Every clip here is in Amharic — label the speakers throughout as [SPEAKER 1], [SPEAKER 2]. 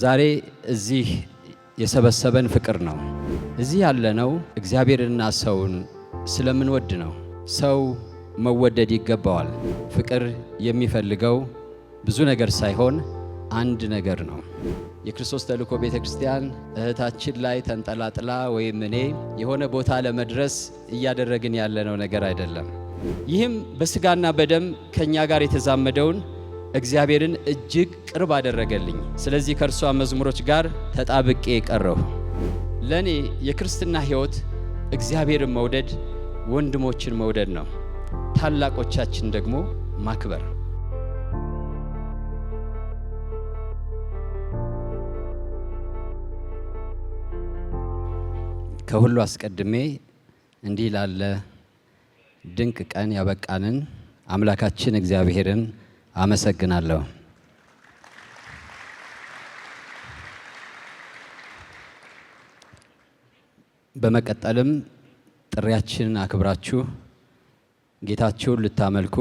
[SPEAKER 1] ዛሬ እዚህ የሰበሰበን ፍቅር ነው። እዚህ ያለነው እግዚአብሔርና ሰውን ስለምንወድ ነው። ሰው መወደድ ይገባዋል። ፍቅር የሚፈልገው ብዙ ነገር ሳይሆን አንድ ነገር ነው። የክርስቶስ ተልእኮ ቤተ ክርስቲያን እህታችን ላይ ተንጠላጥላ ወይም እኔ የሆነ ቦታ ለመድረስ እያደረግን ያለነው ነገር አይደለም። ይህም በስጋና በደም ከእኛ ጋር የተዛመደውን እግዚአብሔርን እጅግ ቅርብ አደረገልኝ። ስለዚህ ከእርሷ መዝሙሮች ጋር ተጣብቄ ቀረሁ። ለእኔ የክርስትና ሕይወት እግዚአብሔርን መውደድ፣ ወንድሞችን መውደድ ነው፣ ታላቆቻችን ደግሞ ማክበር። ከሁሉ አስቀድሜ እንዲህ ላለ ድንቅ ቀን ያበቃንን አምላካችን እግዚአብሔርን አመሰግናለሁ። በመቀጠልም ጥሪያችንን አክብራችሁ ጌታችሁን ልታመልኩ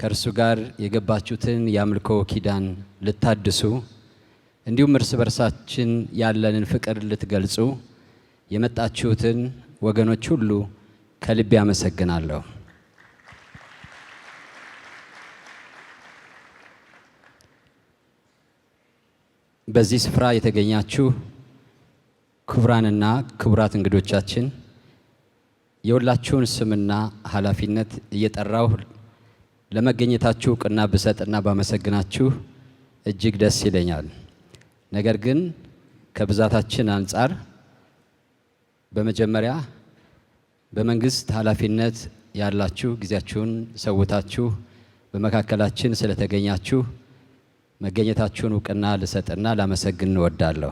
[SPEAKER 1] ከእርሱ ጋር የገባችሁትን የአምልኮ ኪዳን ልታድሱ እንዲሁም እርስ በርሳችን ያለንን ፍቅር ልትገልጹ የመጣችሁትን ወገኖች ሁሉ ከልቤ አመሰግናለሁ። በዚህ ስፍራ የተገኛችሁ ክቡራንና ክቡራት እንግዶቻችን የሁላችሁን ስምና ኃላፊነት እየጠራሁ ለመገኘታችሁ እውቅና ብሰጥና ባመሰግናችሁ እጅግ ደስ ይለኛል። ነገር ግን ከብዛታችን አንጻር በመጀመሪያ በመንግስት ኃላፊነት ያላችሁ ጊዜያችሁን ሰውታችሁ በመካከላችን ስለተገኛችሁ መገኘታችሁን እውቅና ልሰጥና ላመሰግን እንወዳለሁ።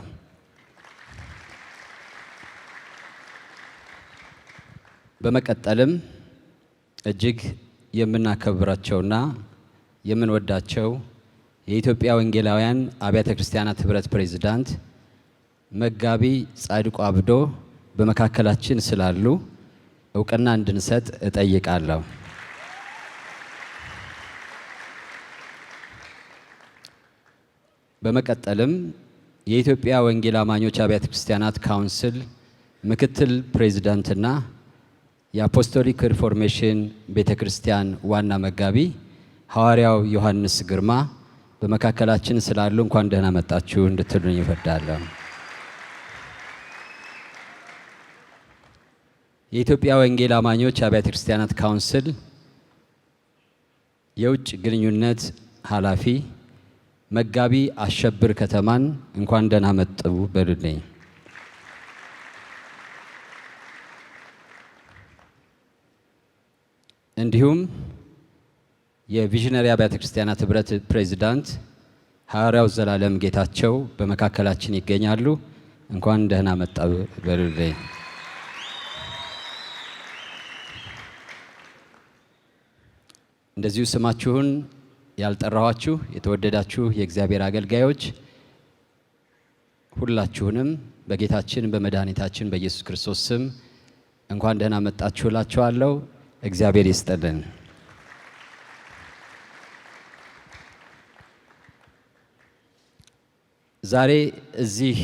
[SPEAKER 1] በመቀጠልም እጅግ የምናከብራቸውና የምንወዳቸው የኢትዮጵያ ወንጌላውያን አብያተ ክርስቲያናት ህብረት ፕሬዚዳንት መጋቢ ጻድቁ አብዶ በመካከላችን ስላሉ እውቅና እንድንሰጥ እጠይቃለሁ። በመቀጠልም የኢትዮጵያ ወንጌል አማኞች አብያተ ክርስቲያናት ካውንስል ምክትል ፕሬዚዳንትና የአፖስቶሊክ ሪፎርሜሽን ቤተ ክርስቲያን ዋና መጋቢ ሐዋርያው ዮሐንስ ግርማ በመካከላችን ስላሉ እንኳን ደህና መጣችሁ እንድትሉኝ ይፈዳለሁ። የኢትዮጵያ ወንጌል አማኞች አብያተ ክርስቲያናት ካውንስል የውጭ ግንኙነት ኃላፊ መጋቢ አሸብር ከተማን እንኳን ደህና መጥቡ በሉልኝ። እንዲሁም የቪዥነሪ አብያተ ክርስቲያናት ህብረት ፕሬዚዳንት ሐዋርያው ዘላለም ጌታቸው በመካከላችን ይገኛሉ። እንኳን ደህና መጣብ በሉልኝ። እንደዚሁ ስማችሁን ያልጠራኋችሁ የተወደዳችሁ የእግዚአብሔር አገልጋዮች ሁላችሁንም በጌታችን በመድኃኒታችን በኢየሱስ ክርስቶስ ስም እንኳን ደህና መጣችሁ እላችኋለሁ። እግዚአብሔር ይስጠልን። ዛሬ እዚህ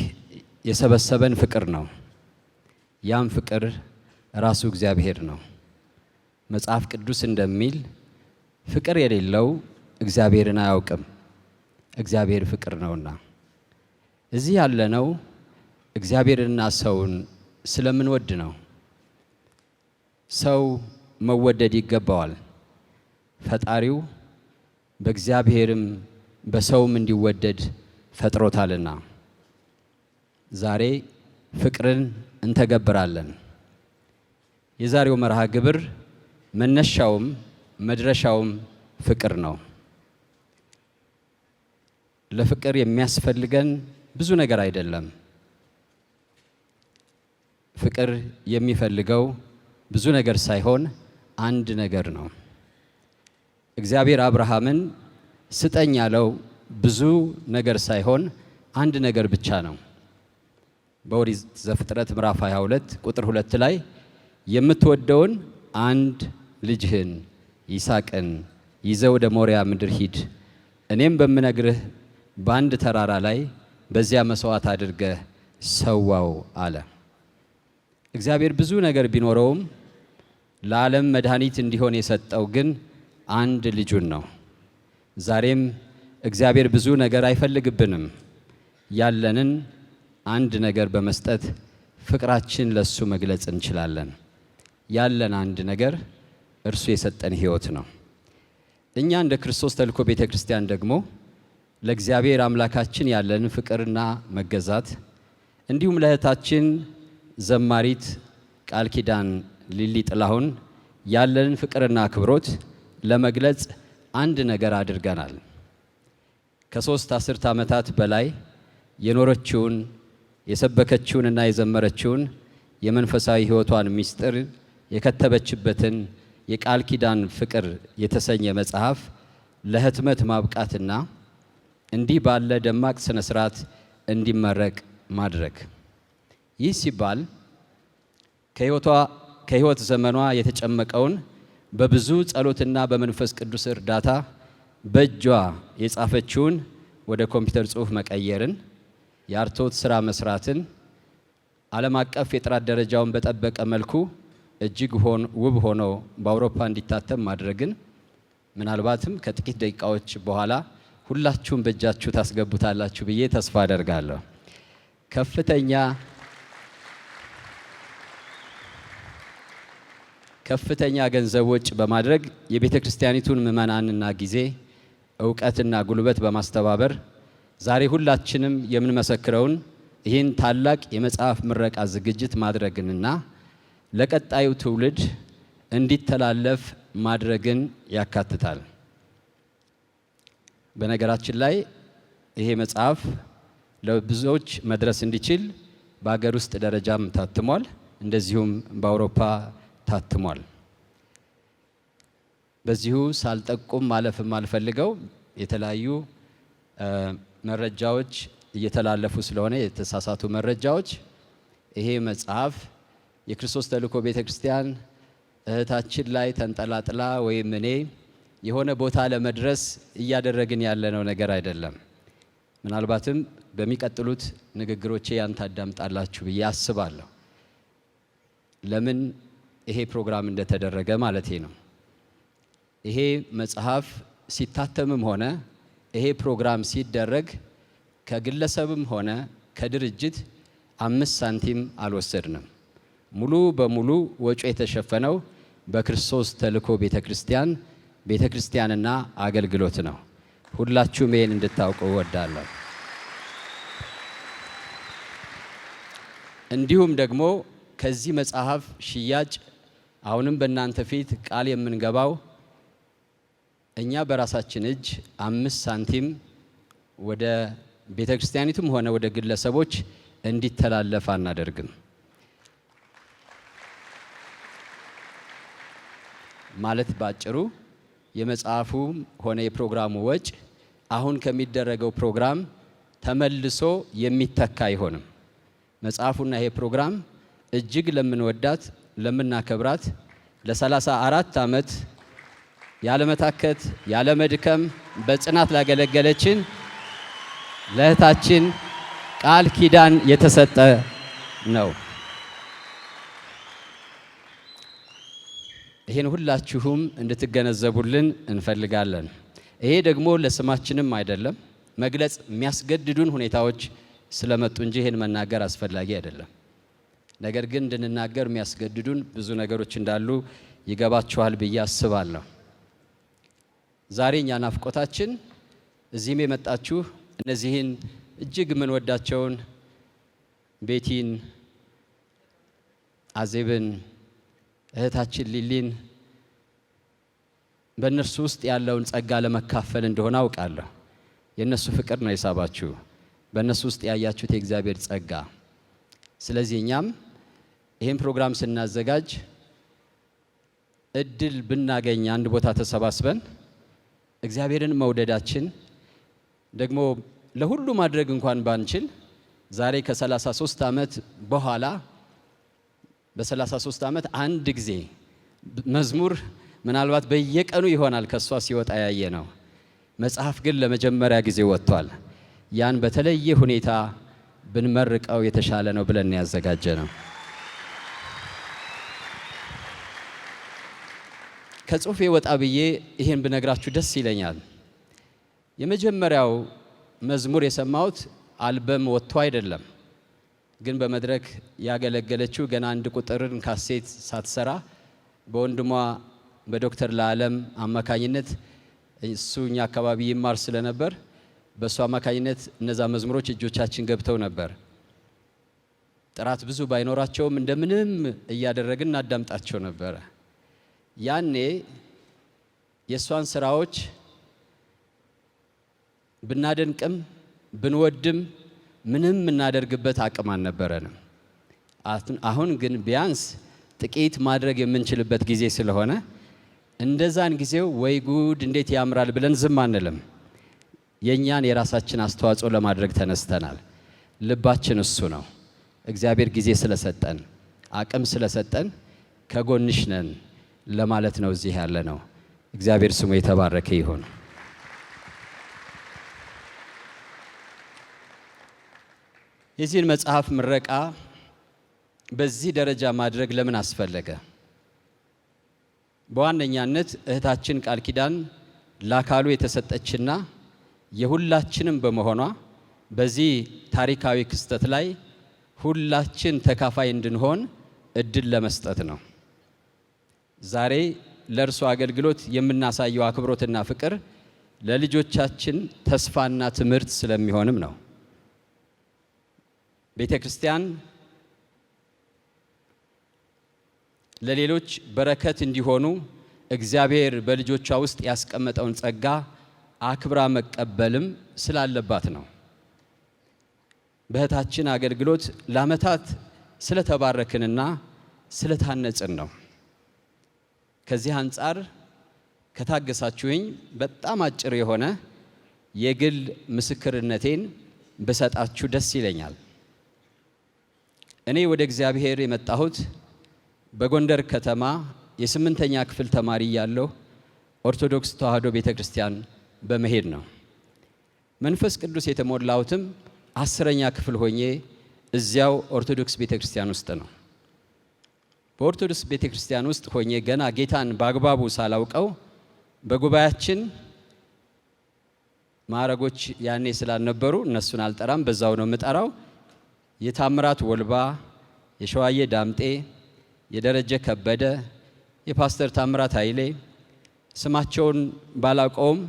[SPEAKER 1] የሰበሰበን ፍቅር ነው። ያም ፍቅር ራሱ እግዚአብሔር ነው። መጽሐፍ ቅዱስ እንደሚል ፍቅር የሌለው እግዚአብሔርን አያውቅም። እግዚአብሔር ፍቅር ነውና እዚህ ያለነው እግዚአብሔርና ሰውን ስለምንወድ ነው። ሰው መወደድ ይገባዋል። ፈጣሪው በእግዚአብሔርም በሰውም እንዲወደድ ፈጥሮታልና ዛሬ ፍቅርን እንተገብራለን። የዛሬው መርሃ ግብር መነሻውም መድረሻውም ፍቅር ነው። ለፍቅር የሚያስፈልገን ብዙ ነገር አይደለም። ፍቅር የሚፈልገው ብዙ ነገር ሳይሆን አንድ ነገር ነው። እግዚአብሔር አብርሃምን ስጠኝ ያለው ብዙ ነገር ሳይሆን አንድ ነገር ብቻ ነው። በኦሪት ዘፍጥረት ምዕራፍ 22 ቁጥር 2 ላይ የምትወደውን አንድ ልጅህን ይስሐቅን ይዘህ ወደ ሞሪያ ምድር ሂድ፣ እኔም በምነግርህ በአንድ ተራራ ላይ በዚያ መስዋዕት አድርገህ ሰዋው አለ። እግዚአብሔር ብዙ ነገር ቢኖረውም ለዓለም መድኃኒት እንዲሆን የሰጠው ግን አንድ ልጁን ነው። ዛሬም እግዚአብሔር ብዙ ነገር አይፈልግብንም። ያለንን አንድ ነገር በመስጠት ፍቅራችን ለሱ መግለጽ እንችላለን። ያለን አንድ ነገር እርሱ የሰጠን ሕይወት ነው። እኛ እንደ ክርስቶስ ተልእኮ ቤተ ክርስቲያን ደግሞ ለእግዚአብሔር አምላካችን ያለን ፍቅርና መገዛት እንዲሁም ለእህታችን ዘማሪት ቃል ኪዳን ሊሊ ጥላሁን ያለንን ፍቅርና አክብሮት ለመግለጽ አንድ ነገር አድርገናል። ከሶስት አስርት ዓመታት በላይ የኖረችውን የሰበከችውንና የዘመረችውን የመንፈሳዊ ሕይወቷን ምስጢር የከተበችበትን የቃል ኪዳን ፍቅር የተሰኘ መጽሐፍ ለህትመት ማብቃትና እንዲህ ባለ ደማቅ ስነ ስርዓት እንዲመረቅ ማድረግ። ይህ ሲባል ከህይወቷ ከህይወት ዘመኗ የተጨመቀውን በብዙ ጸሎትና በመንፈስ ቅዱስ እርዳታ በእጇ የጻፈችውን ወደ ኮምፒውተር ጽሑፍ መቀየርን፣ የአርቶት ስራ መስራትን፣ ዓለም አቀፍ የጥራት ደረጃውን በጠበቀ መልኩ እጅግ ውብ ሆኖ በአውሮፓ እንዲታተም ማድረግን ምናልባትም ከጥቂት ደቂቃዎች በኋላ ሁላችሁም በእጃችሁ ታስገቡታላችሁ ብዬ ተስፋ አደርጋለሁ። ከፍተኛ ከፍተኛ ገንዘብ ወጪ በማድረግ የቤተ ክርስቲያኒቱን ምዕመናንና ጊዜ እውቀትና ጉልበት በማስተባበር ዛሬ ሁላችንም የምንመሰክረውን ይህን ታላቅ የመጽሐፍ ምረቃ ዝግጅት ማድረግንና ለቀጣዩ ትውልድ እንዲተላለፍ ማድረግን ያካትታል። በነገራችን ላይ ይሄ መጽሐፍ ለብዙዎች መድረስ እንዲችል በሀገር ውስጥ ደረጃም ታትሟል፣ እንደዚሁም በአውሮፓ ታትሟል። በዚሁ ሳልጠቁም ማለፍ የማልፈልገው የተለያዩ መረጃዎች እየተላለፉ ስለሆነ የተሳሳቱ መረጃዎች ይሄ መጽሐፍ የክርስቶስ ተልእኮ ቤተ ክርስቲያን እህታችን ላይ ተንጠላጥላ ወይም እኔ የሆነ ቦታ ለመድረስ እያደረግን ያለነው ነገር አይደለም። ምናልባትም በሚቀጥሉት ንግግሮቼ ያን ታዳምጣላችሁ ብዬ አስባለሁ። ለምን ይሄ ፕሮግራም እንደተደረገ ማለቴ ነው። ይሄ መጽሐፍ ሲታተምም ሆነ ይሄ ፕሮግራም ሲደረግ ከግለሰብም ሆነ ከድርጅት አምስት ሳንቲም አልወሰድንም። ሙሉ በሙሉ ወጪ የተሸፈነው በክርስቶስ ተልእኮ ቤተ ክርስቲያን ቤተ ክርስቲያንና አገልግሎት ነው። ሁላችሁም ይህን እንድታውቁ እወዳለሁ። እንዲሁም ደግሞ ከዚህ መጽሐፍ ሽያጭ አሁንም በእናንተ ፊት ቃል የምንገባው እኛ በራሳችን እጅ አምስት ሳንቲም ወደ ቤተ ክርስቲያኒቱም ሆነ ወደ ግለሰቦች እንዲተላለፍ አናደርግም። ማለት ባጭሩ የመጽሐፉም ሆነ የፕሮግራሙ ወጪ አሁን ከሚደረገው ፕሮግራም ተመልሶ የሚተካ አይሆንም። መጽሐፉና ይሄ ፕሮግራም እጅግ ለምንወዳት ለምናከብራት ለ34 ዓመት ያለመታከት ያለመድከም በጽናት ላገለገለችን ለእህታችን ቃል ኪዳን የተሰጠ ነው። ይህን ሁላችሁም እንድትገነዘቡልን እንፈልጋለን። ይሄ ደግሞ ለስማችንም አይደለም መግለጽ የሚያስገድዱን ሁኔታዎች ስለመጡ እንጂ ይህን መናገር አስፈላጊ አይደለም። ነገር ግን እንድንናገር የሚያስገድዱን ብዙ ነገሮች እንዳሉ ይገባችኋል ብዬ አስባለሁ። ዛሬ እኛ ናፍቆታችን እዚህም የመጣችሁ እነዚህን እጅግ የምንወዳቸውን ቤቲን፣ አዜብን እህታችን ሊሊን በእነርሱ ውስጥ ያለውን ጸጋ ለመካፈል እንደሆነ አውቃለሁ። የእነሱ ፍቅር ነው የሳባችሁ፣ በእነሱ ውስጥ ያያችሁት የእግዚአብሔር ጸጋ። ስለዚህ እኛም ይህን ፕሮግራም ስናዘጋጅ እድል ብናገኝ አንድ ቦታ ተሰባስበን እግዚአብሔርን መውደዳችን ደግሞ ለሁሉ ማድረግ እንኳን ባንችል ዛሬ ከ33 ዓመት በኋላ በ33 ዓመት አንድ ጊዜ መዝሙር ምናልባት በየቀኑ ይሆናል ከእሷ ሲወጣ ያየ ነው። መጽሐፍ ግን ለመጀመሪያ ጊዜ ወጥቷል። ያን በተለየ ሁኔታ ብንመርቀው የተሻለ ነው ብለን ያዘጋጀ ነው። ከጽሁፌ ወጣ ብዬ ይሄን ብነግራችሁ ደስ ይለኛል። የመጀመሪያው መዝሙር የሰማሁት አልበም ወጥቶ አይደለም ግን በመድረክ ያገለገለችው ገና አንድ ቁጥርን ካሴት ሳትሰራ በወንድሟ በዶክተር ለዓለም አማካኝነት እሱ እኛ አካባቢ ይማር ስለነበር በእሱ አማካኝነት እነዛ መዝሙሮች እጆቻችን ገብተው ነበር። ጥራት ብዙ ባይኖራቸውም እንደምንም እያደረግን እናዳምጣቸው ነበረ። ያኔ የእሷን ስራዎች ብናደንቅም ብንወድም ምንም የምናደርግበት አቅም አልነበረንም። አሁን ግን ቢያንስ ጥቂት ማድረግ የምንችልበት ጊዜ ስለሆነ እንደዛን ጊዜው ወይ ጉድ እንዴት ያምራል ብለን ዝም አንልም። የእኛን የራሳችን አስተዋጽኦ ለማድረግ ተነስተናል። ልባችን እሱ ነው። እግዚአብሔር ጊዜ ስለሰጠን አቅም ስለሰጠን ከጎንሽ ነን ለማለት ነው እዚህ ያለ ነው። እግዚአብሔር ስሙ የተባረከ ይሁን። የዚህን መጽሐፍ ምረቃ በዚህ ደረጃ ማድረግ ለምን አስፈለገ? በዋነኛነት እህታችን ቃል ኪዳን ለአካሉ የተሰጠችና የሁላችንም በመሆኗ በዚህ ታሪካዊ ክስተት ላይ ሁላችን ተካፋይ እንድንሆን እድል ለመስጠት ነው። ዛሬ ለእርሱ አገልግሎት የምናሳየው አክብሮትና ፍቅር ለልጆቻችን ተስፋና ትምህርት ስለሚሆንም ነው። ቤተ ክርስቲያን ለሌሎች በረከት እንዲሆኑ እግዚአብሔር በልጆቿ ውስጥ ያስቀመጠውን ጸጋ አክብራ መቀበልም ስላለባት ነው። በእህታችን አገልግሎት ለዓመታት ስለተባረክንና ስለታነጽን ነው። ከዚህ አንጻር ከታገሳችሁኝ በጣም አጭር የሆነ የግል ምስክርነቴን ብሰጣችሁ ደስ ይለኛል። እኔ ወደ እግዚአብሔር የመጣሁት በጎንደር ከተማ የስምንተኛ ክፍል ተማሪ ያለው ኦርቶዶክስ ተዋሕዶ ቤተ ክርስቲያን በመሄድ ነው። መንፈስ ቅዱስ የተሞላሁትም አስረኛ ክፍል ሆኜ እዚያው ኦርቶዶክስ ቤተ ክርስቲያን ውስጥ ነው። በኦርቶዶክስ ቤተ ክርስቲያን ውስጥ ሆኜ ገና ጌታን በአግባቡ ሳላውቀው በጉባኤያችን ማዕረጎች ያኔ ስላልነበሩ እነሱን አልጠራም፣ በዛው ነው የምጠራው የታምራት ወልባ፣ የሸዋዬ ዳምጤ፣ የደረጀ ከበደ፣ የፓስተር ታምራት ኃይሌ ስማቸውን ባላውቀውም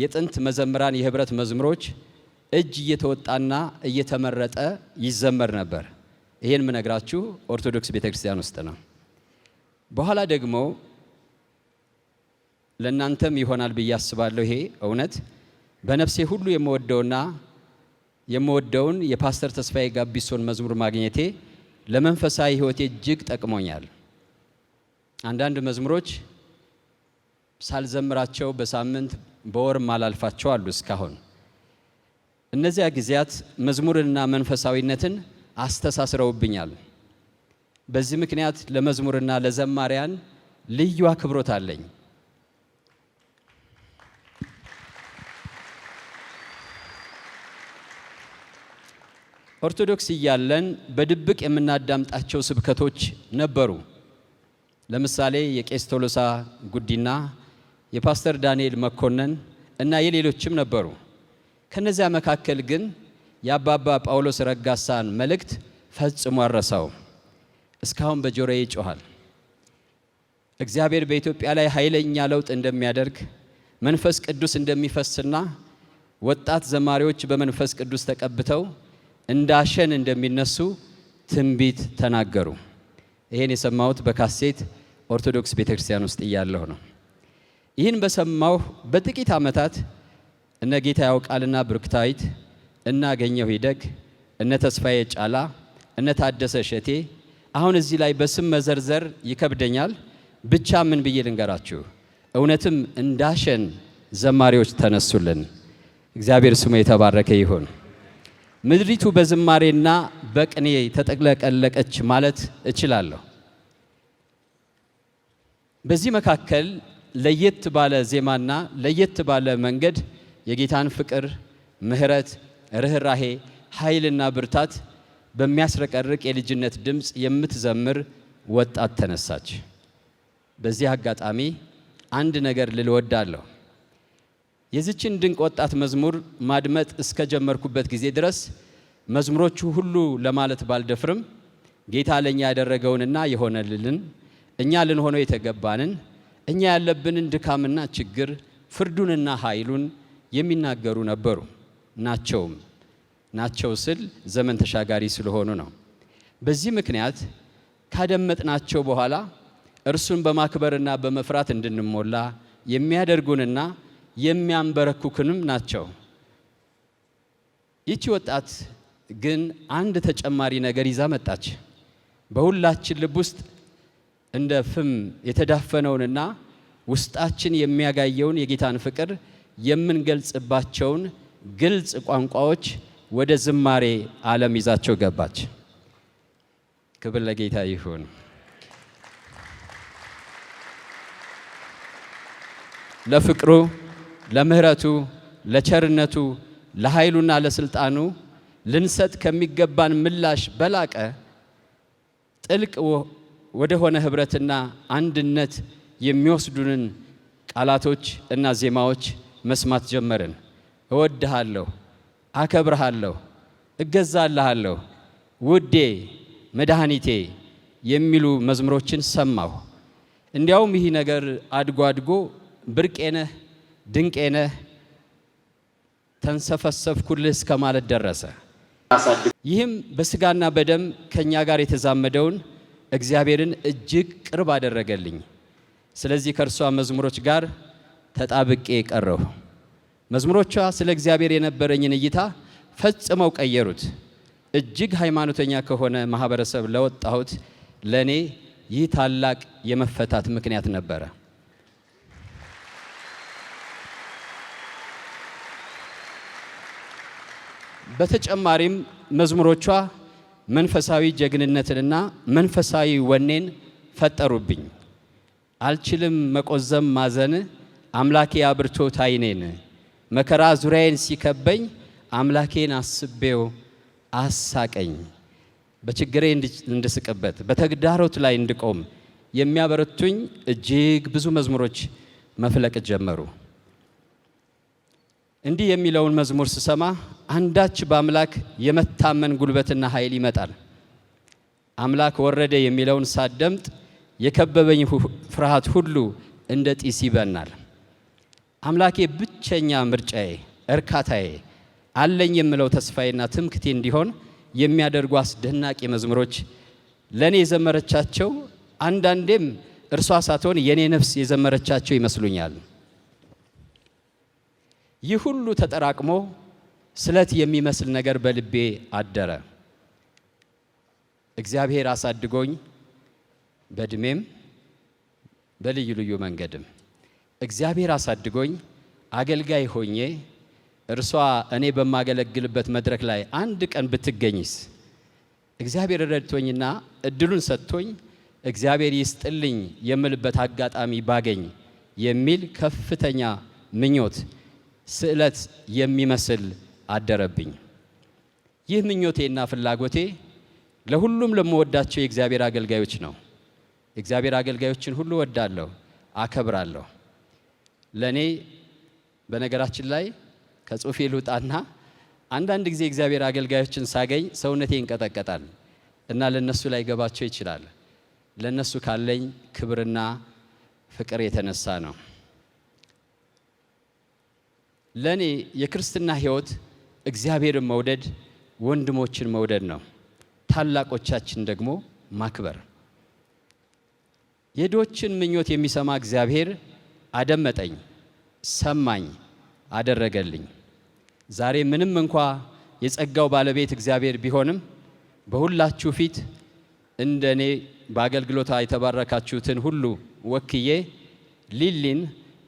[SPEAKER 1] የጥንት መዘምራን የህብረት መዝሙሮች እጅ እየተወጣና እየተመረጠ ይዘመር ነበር። ይህን ምነግራችሁ ኦርቶዶክስ ቤተ ክርስቲያን ውስጥ ነው። በኋላ ደግሞ ለእናንተም ይሆናል ብዬ አስባለሁ። ይሄ እውነት በነፍሴ ሁሉ የምወደውና የምወደውን የፓስተር ተስፋዬ ጋቢሶን መዝሙር ማግኘቴ ለመንፈሳዊ ሕይወቴ እጅግ ጠቅሞኛል። አንዳንድ መዝሙሮች ሳልዘምራቸው በሳምንት በወር ማላልፋቸው አሉ። እስካሁን እነዚያ ጊዜያት መዝሙርንና መንፈሳዊነትን አስተሳስረውብኛል። በዚህ ምክንያት ለመዝሙርና ለዘማሪያን ልዩ አክብሮት አለኝ። ኦርቶዶክስ እያለን በድብቅ የምናዳምጣቸው ስብከቶች ነበሩ። ለምሳሌ የቄስ ቶሎሳ ጉዲና፣ የፓስተር ዳንኤል መኮነን እና የሌሎችም ነበሩ። ከነዚያ መካከል ግን የአባባ ጳውሎስ ረጋሳን መልእክት ፈጽሞ አረሳው። እስካሁን በጆሮ ይጮኋል። እግዚአብሔር በኢትዮጵያ ላይ ኃይለኛ ለውጥ እንደሚያደርግ መንፈስ ቅዱስ እንደሚፈስና ወጣት ዘማሪዎች በመንፈስ ቅዱስ ተቀብተው እንዳሸን እንደሚነሱ ትንቢት ተናገሩ። ይህን የሰማሁት በካሴት ኦርቶዶክስ ቤተ ክርስቲያን ውስጥ እያለሁ ነው። ይህን በሰማሁ በጥቂት ዓመታት እነ ጌታ ያውቃልና ብርክታዊት እነ አገኘሁ ሂደግ፣ እነ ተስፋዬ ጫላ፣ እነ ታደሰ እሸቴ አሁን እዚህ ላይ በስም መዘርዘር ይከብደኛል። ብቻ ምን ብዬ ልንገራችሁ፣ እውነትም እንዳሸን ዘማሪዎች ተነሱልን። እግዚአብሔር ስሙ የተባረከ ይሁን። ምድሪቱ በዝማሬና በቅኔ ተጠቅለቀለቀች ማለት እችላለሁ። በዚህ መካከል ለየት ባለ ዜማና ለየት ባለ መንገድ የጌታን ፍቅር፣ ምሕረት፣ ርኅራሄ፣ ኃይልና ብርታት በሚያስረቀርቅ የልጅነት ድምፅ የምትዘምር ወጣት ተነሳች። በዚህ አጋጣሚ አንድ ነገር ልልወዳለሁ። የዚችን ድንቅ ወጣት መዝሙር ማድመጥ እስከ ጀመርኩበት ጊዜ ድረስ መዝሙሮቹ ሁሉ ለማለት ባልደፍርም ጌታ ለእኛ ያደረገውንና የሆነልንን እኛ ልንሆነው የተገባንን እኛ ያለብንን ድካምና ችግር ፍርዱንና ኃይሉን የሚናገሩ ነበሩ ናቸውም ናቸው ስል ዘመን ተሻጋሪ ስለሆኑ ነው። በዚህ ምክንያት ካደመጥናቸው በኋላ እርሱን በማክበርና በመፍራት እንድንሞላ የሚያደርጉንና የሚያንበረክኩንም ናቸው። ይቺ ወጣት ግን አንድ ተጨማሪ ነገር ይዛ መጣች። በሁላችን ልብ ውስጥ እንደ ፍም የተዳፈነውንና ውስጣችን የሚያጋየውን የጌታን ፍቅር የምንገልጽባቸውን ግልጽ ቋንቋዎች ወደ ዝማሬ ዓለም ይዛቸው ገባች። ክብር ለጌታ ይሁን። ለፍቅሩ ለምህረቱ፣ ለቸርነቱ፣ ለኃይሉና ለስልጣኑ ልንሰጥ ከሚገባን ምላሽ በላቀ ጥልቅ ወደሆነ ህብረትና አንድነት የሚወስዱንን ቃላቶች እና ዜማዎች መስማት ጀመርን። እወድሃለሁ፣ አከብርሃለሁ፣ እገዛልሃለሁ፣ ውዴ፣ መድኃኒቴ የሚሉ መዝሙሮችን ሰማሁ። እንዲያውም ይህ ነገር አድጎ አድጎ ብርቄነህ ድንቄ ነህ ተንሰፈሰፍኩልህ እስከ ማለት ደረሰ። ይህም በስጋና በደም ከእኛ ጋር የተዛመደውን እግዚአብሔርን እጅግ ቅርብ አደረገልኝ። ስለዚህ ከእርሷ መዝሙሮች ጋር ተጣብቄ ቀረሁ። መዝሙሮቿ ስለ እግዚአብሔር የነበረኝን እይታ ፈጽመው ቀየሩት። እጅግ ሃይማኖተኛ ከሆነ ማህበረሰብ ለወጣሁት ለእኔ ይህ ታላቅ የመፈታት ምክንያት ነበረ። በተጨማሪም መዝሙሮቿ መንፈሳዊ ጀግንነትንና መንፈሳዊ ወኔን ፈጠሩብኝ። አልችልም መቆዘም ማዘን፣ አምላኬ አብርቶት አይኔን መከራ ዙሪያዬን ሲከበኝ፣ አምላኬን አስቤው አሳቀኝ። በችግሬ እንድስቅበት፣ በተግዳሮት ላይ እንድቆም የሚያበረቱኝ እጅግ ብዙ መዝሙሮች መፍለቅ ጀመሩ። እንዲህ የሚለውን መዝሙር ስሰማ አንዳች በአምላክ የመታመን ጉልበትና ኃይል ይመጣል። አምላክ ወረደ የሚለውን ሳደምጥ የከበበኝ ፍርሃት ሁሉ እንደ ጢስ ይበናል። አምላኬ ብቸኛ ምርጫዬ፣ እርካታዬ፣ አለኝ የምለው ተስፋዬና ትምክቴ እንዲሆን የሚያደርጉ አስደናቂ መዝሙሮች ለእኔ የዘመረቻቸው አንዳንዴም እርሷ ሳትሆን የእኔ ነፍስ የዘመረቻቸው ይመስሉኛል። ይህ ሁሉ ተጠራቅሞ ስለት የሚመስል ነገር በልቤ አደረ። እግዚአብሔር አሳድጎኝ በእድሜም በልዩ ልዩ መንገድም እግዚአብሔር አሳድጎኝ አገልጋይ ሆኜ እርሷ እኔ በማገለግልበት መድረክ ላይ አንድ ቀን ብትገኝስ እግዚአብሔር ረድቶኝና እድሉን ሰጥቶኝ እግዚአብሔር ይስጥልኝ የምልበት አጋጣሚ ባገኝ የሚል ከፍተኛ ምኞት ስዕለት የሚመስል አደረብኝ። ይህ ምኞቴና ፍላጎቴ ለሁሉም ለምወዳቸው የእግዚአብሔር አገልጋዮች ነው። የእግዚአብሔር አገልጋዮችን ሁሉ ወዳለሁ፣ አከብራለሁ። ለእኔ በነገራችን ላይ ከጽሁፌ ልውጣና አንዳንድ ጊዜ እግዚአብሔር አገልጋዮችን ሳገኝ ሰውነቴ ይንቀጠቀጣል እና ለነሱ ላይገባቸው ይችላል። ለነሱ ካለኝ ክብርና ፍቅር የተነሳ ነው። ለእኔ የክርስትና ህይወት እግዚአብሔርን መውደድ፣ ወንድሞችን መውደድ ነው። ታላቆቻችን ደግሞ ማክበር። የድሆችን ምኞት የሚሰማ እግዚአብሔር አደመጠኝ፣ ሰማኝ፣ አደረገልኝ። ዛሬ ምንም እንኳ የጸጋው ባለቤት እግዚአብሔር ቢሆንም በሁላችሁ ፊት እንደ እኔ በአገልግሎታ የተባረካችሁትን ሁሉ ወክዬ ሊሊን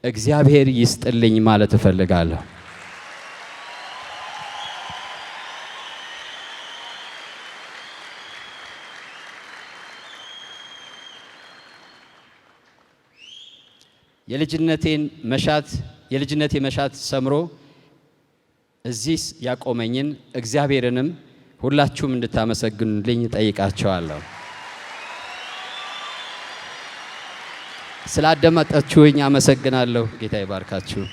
[SPEAKER 1] እግዚአብሔር ይስጥልኝ ማለት እፈልጋለሁ። የልጅነቴን መሻት የልጅነቴ መሻት ሰምሮ እዚህ ያቆመኝን እግዚአብሔርንም ሁላችሁም እንድታመሰግኑልኝ ጠይቃቸዋለሁ። ስላደመጣችሁኝ አመሰግናለሁ። ጌታ ይባርካችሁ።